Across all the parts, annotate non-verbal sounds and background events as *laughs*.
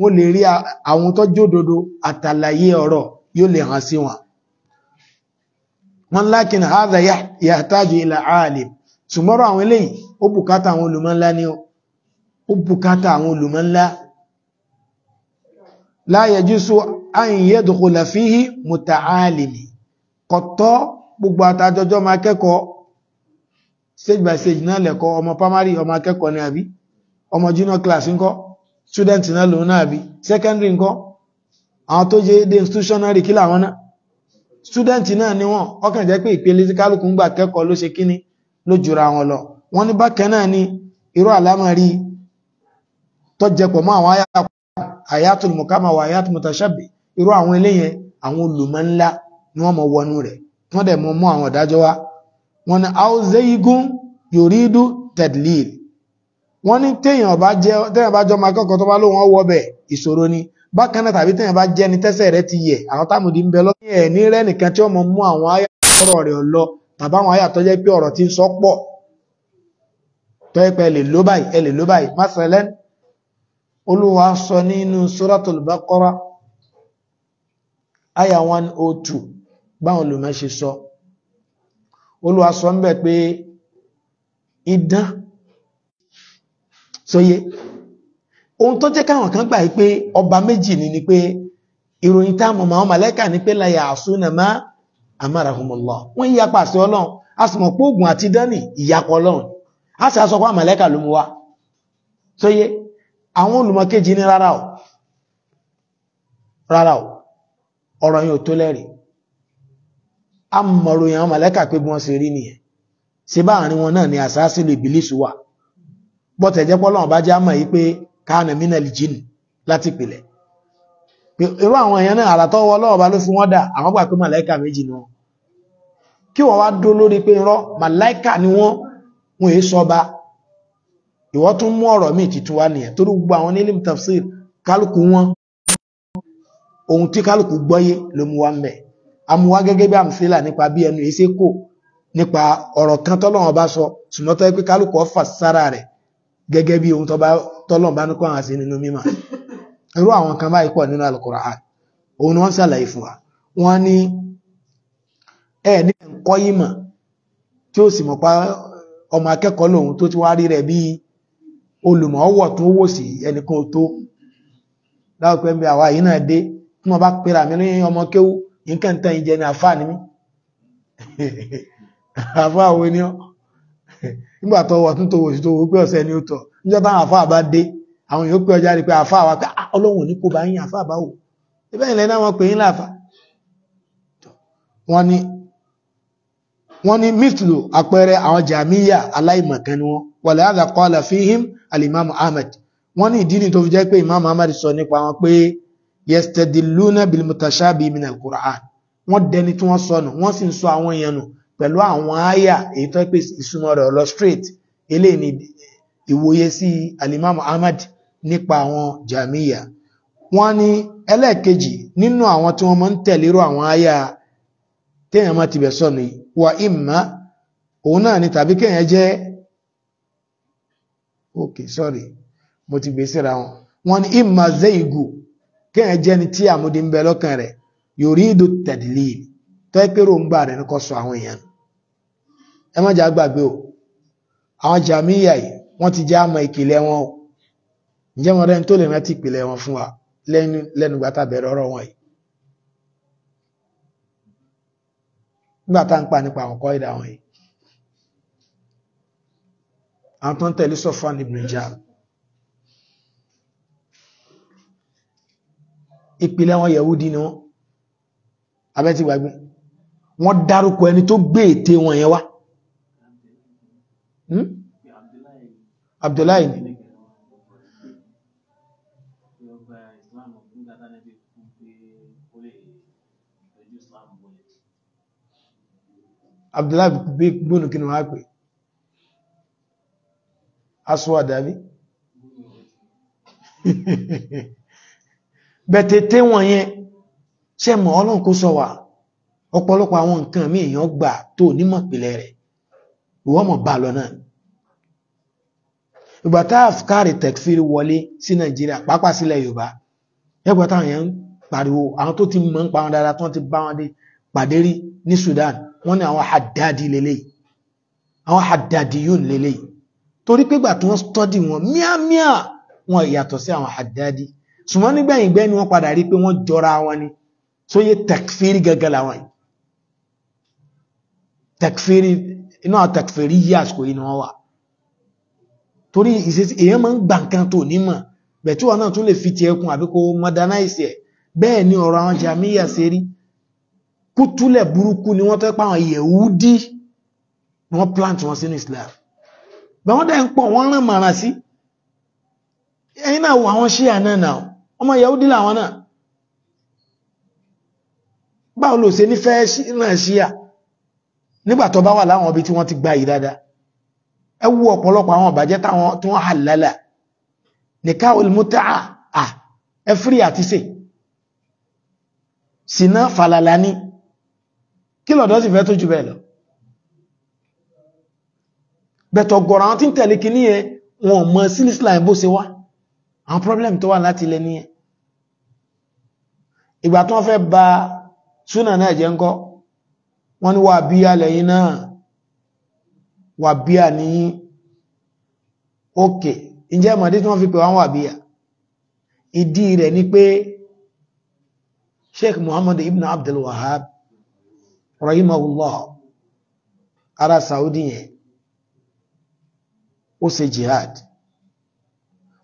wọ́n lè rí àwọn tó jódodo àtàlàyé ọ̀rọ̀ yóò lè hàn sí wọn wọ́n lákin hadha yahtaju ila alim ṣùgbọ́rọ̀ àwọn eléyìí ó bùkátà àwọn olùmọ́nlá ní ó bùkátà àwọn olùmọ́nlá la yajuzu an yadkhula fihi muta'alimi kọ̀tọ́ stage by stage náà lẹ́kọ́ ọmọ primary ọmọ akẹ́kọ̀ọ́ ni àbí ọmọ junior class ńkọ́ student náà lòun náà bí secondary nǹkan àwọn tó jẹ́ dé institutionary kí làwọn náà student náà ni wọ́n ọkàn jẹ́ pé ìpele tí kálukú ń gbà kẹ́kọ̀ọ́ ló ṣe kíní ló jura wọn lọ wọ́n ní bákan náà ni irú àlámọ̀rí tó jẹpọ̀ mọ́ àwọn ayatul mukama wa ayatul mutashabi irú àwọn eléyẹn àwọn olùmọ̀ ńlá ni wọ́n mọ̀ wọnú rẹ̀ wọ́n dẹ̀ mọ̀ mọ́ àwọn ìdájọ́ wa wọ́n ní auzeyigun yoridu tadlil wọ́n ní téèyàn bá jẹ́ téèyàn bá jọ máa kọ́kọ́ tó bá lóun ọwọ́ bẹ̀ ìṣòro ni bákan náà tàbí téèyàn bá jẹ́ ni tẹ́sẹ̀ rẹ ti yẹ̀ àwọn táàmùdí ń bẹ lọ́wọ́ ẹ̀ ní rẹ́ nìkan tí ọmọ mú àwọn àyà ọ̀rọ̀ rẹ̀ lọ tàbí àwọn àyà tó jẹ́ pé ọ̀rọ̀ ti ń sọ pọ̀ tó yẹ pé lè ló báyìí ẹ lè ló báyìí masalan olúwa sọ nínú suratul baqara àyà 102 báwọn olùmọ̀ ṣe sọ olúwa sọ ń bẹ̀ pé idán sóyé ohun tó jẹ́ káwọn kan gbà pé ọba méjì ni ni pé ìròyìn táàmù ma wọn màlẹ́kà ní pé láyà àsúnà má àmàràhùnmọ̀lọ́ wọ́n yí apá àṣẹ ọlọ́run a sì mọ̀ pé oògùn àti dánì ìyapọ̀ ọlọ́run a sì aṣọ fún àmàlẹ́kà ló mú wa sóyé àwọn olùmọ̀kejì ní rárá o rárá ni àṣà sílò bọ́tẹ̀ jẹ́ pọ́lọ́wọ́n bá jẹ́ àmọ̀ yìí pé káàna mínà lè jìn láti pìlẹ̀ irú àwọn èèyàn náà àràtọ́wọ́ ọlọ́ọ̀bá ló fi wọ́n dà àwọn gbà pé màláìkà méjì ni wọ́n kí wọ́n wá dó lórí pé irọ́ màláìkà ni wọ́n wọ́n èé sọba ìwọ́ tún mú ọ̀rọ̀ míì títú wá nìyẹn torí gbogbo àwọn nílé tafsir kálukú wọn ohun tí kálukú gbọ́yé ló mú wá mẹ́ amúwá gẹ́gẹ́ bí àmìsílà nípa bí ẹnu èsè kò nípa ọ̀rọ̀ kan tọ́lọ́wọ́n bá sọ ṣùgbọ́n tó yẹ pé kálukú ọ fà sára rẹ̀ gẹ́gẹ́ bí ohun tọ́lọ̀ bá ní kọ́ àwọn sí nínú mímọ̀ irú àwọn kan báyìí pọ̀ nínú Al-Qur'an òun ni wọ́n ṣàlàyé fún wa wọ́n ní ẹ̀ ní ẹ̀kọ́ ìmọ̀ tí ó sì mọ̀ pa ọmọ akẹ́kọ̀ọ́ lòun tó ti wá rí rẹ̀ bí olùmọ̀ ọwọ́ tó wò sí ẹnìkan tó láwùpẹ́ bí àwa yìí náà dé tí wọ́n bá pera mi lóyún ọmọ kéwú nǹkan tán àfáà ni mí *laughs* àfáà wo ni ọ́ nígbà tó wọ̀ tún tó wò sí tó wò pé ọ̀sẹ̀ ni ó tọ̀ níjọ́ táwọn àfáà bá dé àwọn èèyàn pé ọjà rí pé àfáà wa pé ah, ọlọ́run ní kó bá yín àfáà bá wò ibẹ̀ náà wọ́n pè yín wọ́n wọ́n àpẹẹrẹ àwọn jàmíyà aláìmọ̀kan ni wọ́n fíhìm alimamu ahmed wọ́n ní ìdí ni tó fi jẹ́ imam ahmed sọ nípa wọn pé quran wọ́n dẹni tí wọ́n sọnù wọ́n sì ń àwọn èèyàn nù pẹ̀lú àwọn àyà èyí tó pè ìsúnmọ́ rẹ̀ lọ straight eléyìí ni ìwòye sí alimamu ahmad nípa àwọn jamiya wọ́n ní ẹlẹ́ẹ̀kejì nínú àwọn tí wọ́n máa ń tẹ̀lérò àwọn àyà téèyàn máa ti bẹ̀ sọnù wà ìmá òun náà ni tàbí kéèyàn jẹ́ ok sorry mo ti gbé síra wọn wọ́n ní ìmá zeigu kéèyàn jẹ́ ni tí àmúdi ń bẹ lọ́kàn rẹ̀ yòrí ìdò tẹ̀lé tẹ́pẹ́rò ń gbà rẹ̀ ní kó àwọn èèyàn ẹ má jà gbàgbé o àwọn jàmíyà yìí wọ́n ti jẹ́ àmọ́ ìpìlẹ̀ wọn o ǹjẹ́ wọn rẹ́ni tó lè rántí ìpìlẹ̀ wọn fún wa lẹ́nugbà tá bẹ̀rẹ̀ ọ̀rọ̀ wọn yìí nígbà tá ń pa nípa àwọn kọ́ ìdá yìí àwọn tó ń tẹ̀lé Sofwan ibn Ijal ìpìlẹ̀ wọn Yẹ̀húdí ni wọ́n abẹ́ ti gbàgbé wọ́n dárúkọ ẹni tó gbé ète wọn yẹn wá Hmm? Abdullahi ni Abdullahi gbónù kí ni wọ́n á pè aṣọ́ àdábí *laughs* bẹ̀tẹ̀tẹ̀ wọ̀n yẹn ṣe mọ̀ ọlọ́run kó sọ wà ọ̀pọ̀lọpọ̀ àwọn nǹkan mí èèyàn gbà tó nímọ̀ pìlẹ̀ rẹ̀ wọ́n mọ̀ bá lọ náà ìgbà tá àfikàrí tẹ̀kfírí wọlé sí nàìjíríà pàápàá sílẹ̀ yorùbá ẹgbẹ́ táwọn èèyàn ń pariwo àwọn tó ti mọ̀ ń pa wọn dáadáa tó ti bá wọn dé pàdé rí ní Sudan wọ́n ní àwọn haddadi lélẹ̀ àwọn haddadi yóò lélẹ̀ torí pé gbà tí wọ́n stọ́dì wọn míàmíà wọn yàtọ̀ sí àwọn haddadi ṣùgbọ́n nígbẹ̀yìn gbẹ́ ni wọ́n padà rí pé wọ́n jọra wọn ni sóyè tẹ̀kfírí gẹ́gẹ́ làwọn yìí tẹ̀kfírí iná takfèrí yí àsìkò yìí ni wọ́n wà torí ìsẹ́sí èyàn máa ń gbà nǹkan tó nímọ̀ bẹ̀tí wọn náà tún lè fi ti ẹkùn àbí kó modernize ẹ̀ bẹ́ẹ̀ ni ọ̀rọ̀ àwọn jàmíyà ṣe rí kútúlẹ̀ burúkú ni wọ́n tẹ́ pa àwọn yẹ̀údí ni wọ́n plant wọn sínú Islam bẹ̀ wọ́n dẹ̀ ń pọ̀ wọ́n rán màrà sí ẹ̀yìn náà wà wọ́n ṣíà náà náà ọmọ yẹ̀údí làwọn náà báwo ló ṣe ní náà ṣíà nígbàtọ̀ bá wà láwọn ibi tí wọ́n ti gba yìí dáadáa ẹ wo ọ̀pọ̀lọpọ̀ àwọn ìbàjẹ́ táwọn tó ń halala nikahul muta'a à ẹfírí àti sè sínà falala ní kí lọ̀dọ́ sì fẹ́ tó jù bẹ́ẹ̀ lọ bẹ̀tọ̀ gọ̀rọ̀ àwọn tí ń tẹ̀lé kí níyẹn wọn mọ̀ sílísìlá ẹ̀ bó ṣe wá àwọn problem tó wà láti ilẹ̀ níyẹn ìgbà tó wọ́n fẹ́ ba súnà náà jẹ́ ńkọ́ wọ́n ní wà bí alẹ́yìn náà wà bí à ní òkè ìjẹ́ ìmọ̀dé tí wọ́n fi pè wọ́n wà bí à ìdí rẹ̀ ni pé Sheikh Muhammad ibn Abdul Wahab rahimahullah ara Saudi yẹn ó ṣe jihad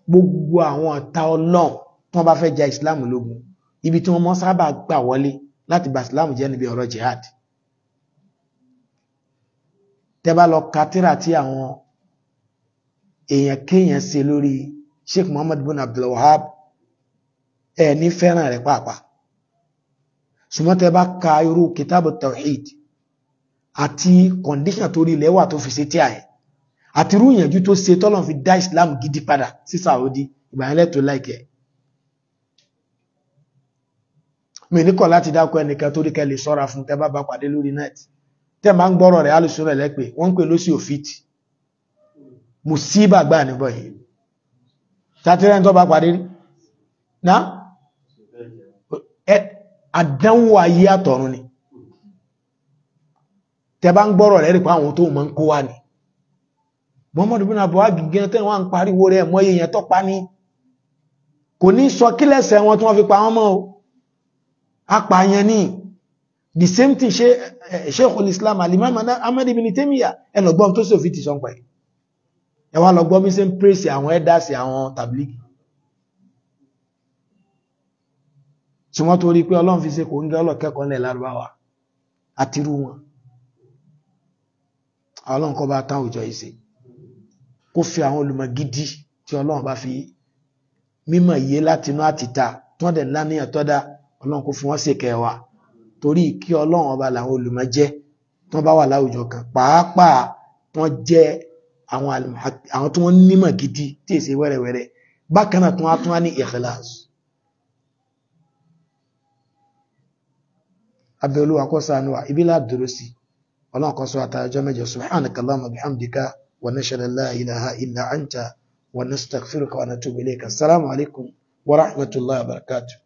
gbogbo àwọn ọ̀tá ọlọ́run tí wọ́n bá fẹ́ ja Islam lógun ibi tí wọ́n mọ́ sábà gbà wọlé láti bá Islam jẹ́ níbi ọ̀rọ̀ jihad tẹ́bá lọ ka tírà tí àwọn èèyàn kéèyàn ṣe lórí Sheikh Muhammad bin Abdul Wahab ẹ̀ ní fẹ́ràn rẹ̀ pàápàá ṣùgbọ́n tẹ́bá ka irú kitabu tawhid àti kọ̀ndíṣàn tó rí ilẹ̀ tó fi ṣe tí a àti irú ìyànjú tó ṣe tọ́lọ̀ fi dá Islam gidi padà sí Saudi ìgbàyànlẹ̀ tó láìkẹ́ mi ní kọ̀ láti dákọ̀ ẹnìkan torí kẹ́ lè ṣọ́ra fún tẹ́bá bá pàdé lórí náà tẹ́ ma ń gbọ́rọ̀ rẹ̀ alùsùn rẹ̀ lẹ́pẹ̀ wọ́n ń pè ló sí òfíìtì mùsíbà gbà níbọ̀ yìí tàtírẹ́ tó bá parí rí náà àdánwò ayé àtọ̀run ni tẹ́ bá ń gbọ́rọ̀ rẹ̀ rí pa àwọn tó mọ́ ń kó wà ní Muhammadu bin Abu agigẹ́ the same thing ṣe ṣeikhul islam alimam amadi ibn temiya ẹlọgbọ́n tó sòfin ti sọ́npa ẹ̀ ẹwà lọgbọ́n mi ṣe ń pèsè àwọn ẹ́dàsì àwọn tàbílìkì tí wọ́n tó rí pé ọlọ́run fi ṣe kò ń gẹ́ ọlọ́kẹ́kọ̀ọ́ lẹ̀ lárúbáwá àtirú wọn ọlọ́run kọ́ bá tán òjò ìṣe kó fi àwọn olùmọ̀ gidi tí ọlọ́run bá fi mímọ̀ yé látinú àtìta tọ́ndẹ̀ láníyàn tọ́dá ọlọ́run kó fi wọ́n ṣèkẹ́ wa torí kí ọlọ́run ọba làwọn olùmọ̀ jẹ́ tí wọ́n bá wà láwùjọ kan pàápàá wọ́n jẹ́ àwọn tí wọ́n nímọ̀ gidi tí èsè wẹ́rẹ́wẹ́rẹ́ bákan náà tí wọ́n á tún wá ní ikhlas abẹ́ olúwa kó ṣàánú wa ibi la dúró sí ọlọ́run kan sọ àtàjọ mẹ́jọ subhanaka wa rahmatullahi wa barakatuh